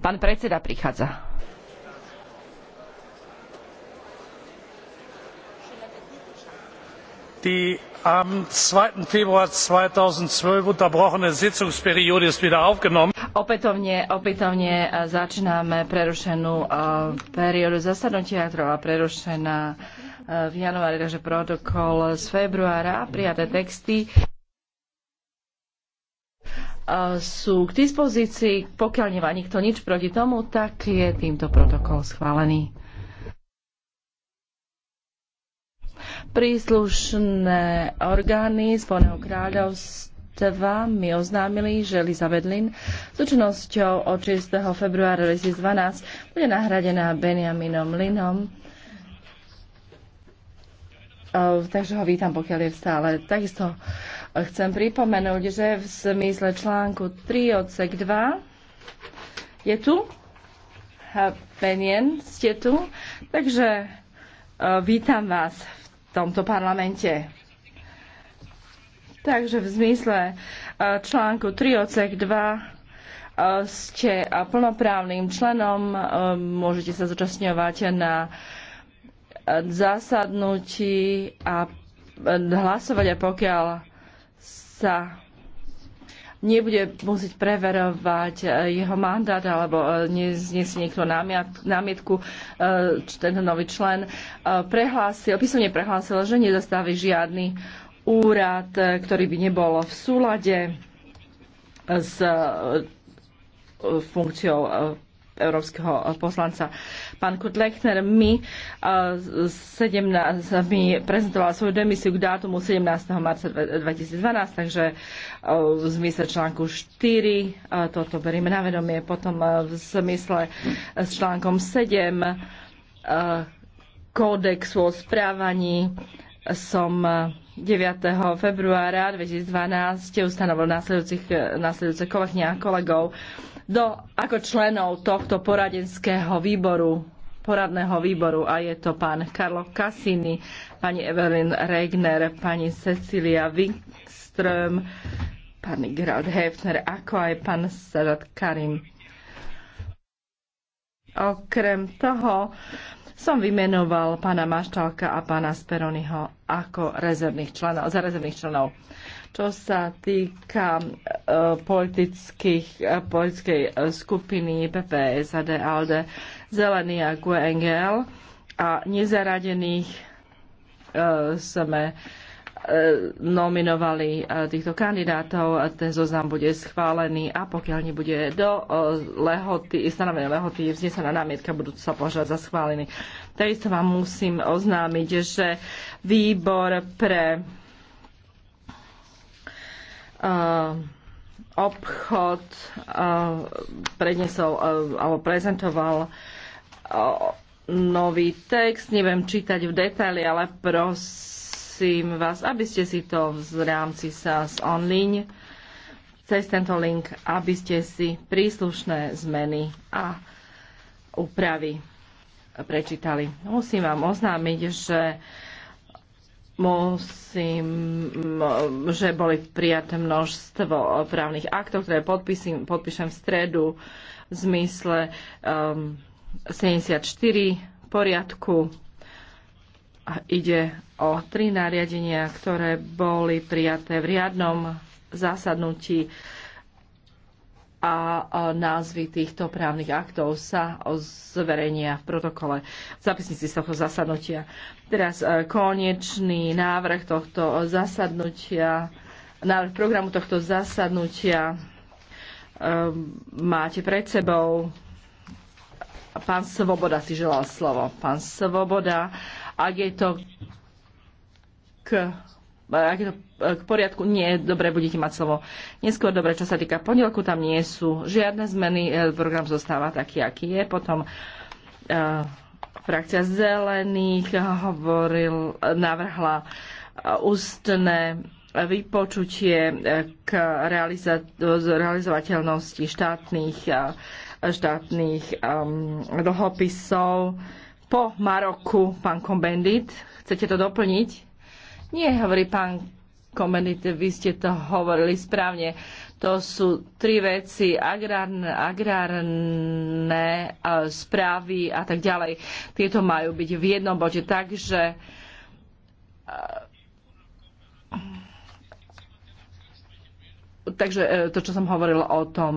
Pán predseda prichádza. Die am. zwei februar zweitausendzwölf unterbrochene sitzungsperiode ist wieder aufgenommen. Opätovne, opätovne e, začíname prerušenú e, periódu zasadnutia, ktorá bola prerušená e, v januári, takže protokol z februára prijaté texty sú k dispozícii. Pokiaľ nemá nikto nič proti tomu, tak je týmto protokol schválený. Príslušné orgány Spojeného kráľovstva mi oznámili, že Elizabeth Lynn s účinnosťou od 6. februára 2012 bude nahradená Benjaminom Linom. Ehm, takže ho vítam, pokiaľ je v stále. Takisto Chcem pripomenúť, že v zmysle článku 3 odsek 2 je tu Penien, ste tu, takže e, vítam vás v tomto parlamente. Takže v zmysle e, článku 3 odsek 2 e, ste plnoprávnym členom, môžete sa zúčastňovať na zasadnutí a hlasovať, a pokiaľ sa nebude musieť preverovať e, jeho mandát alebo e, nesie niekto námietku, e, či tento nový člen prehlásil, písomne prehlásil, že nezastaví žiadny úrad, ktorý by nebol v súlade s funkciou európskeho poslanca. Pán Kurt Lechner mi, 17, eh, mi prezentoval svoju demisiu k dátumu 17. marca 2012, takže v eh, zmysle článku 4 eh, toto berieme na vedomie, potom v zmysle s článkom 7 kódexu o správaní som 9. februára 2012 ustanovil následujúce kolegyne a kolegov do, ako členov tohto poradenského výboru poradného výboru a je to pán Karlo Cassini, pani Evelyn Regner, pani Cecilia Wikström, pani Gerald Hefner, ako aj pán Sadat Karim. Okrem toho som vymenoval pána Maštalka a pána Speroniho ako rezervných členov, za rezervných členov. Čo sa týka e, politických, e, politickej e, skupiny PPS, AD, ALDE, Zelený a GUNGL a nezaradených sme nominovali týchto kandidátov. Ten zoznam bude schválený a pokiaľ nebude do lehoty, stanovené lehoty vznesená námietka, budú sa požiadať za schválený. Takisto vám musím oznámiť, že výbor pre Eh, obchod eh, prednesol eh, alebo prezentoval nový text. Neviem čítať v detaily, ale prosím vás, aby ste si to v rámci SAS online cez tento link, aby ste si príslušné zmeny a úpravy prečítali. Musím vám oznámiť, že musím, mm, že boli prijaté množstvo právnych aktov, ktoré podpísim, podpíšem v stredu v zmysle um, 74 poriadku. A ide o tri nariadenia, ktoré boli prijaté v riadnom zasadnutí a názvy týchto právnych aktov sa zverejnia v protokole v zapisnici z tohto zasadnutia. Teraz e, konečný návrh tohto zasadnutia, návrh programu tohto zasadnutia e, máte pred sebou. Pán Svoboda si želal slovo. Pán Svoboda, ak je to k ak to e, k poriadku nie, dobre, budete mať slovo. Neskôr, dobre, čo sa týka pondelku, tam nie sú žiadne zmeny, e, program zostáva taký, aký je. Potom uh, frakcia zelených hovoril, navrhla ústne vypočutie k realiza- realizovateľnosti štátnych, štátnych um, dlhopisov po Maroku, pán Kombendit. Chcete to doplniť? Nie, hovorí pán Komenite, vy ste to hovorili správne. To sú tri veci, agrárne, agrárne správy a tak ďalej. Tieto majú byť v jednom bode, takže e, Takže e, to, čo som hovoril o tom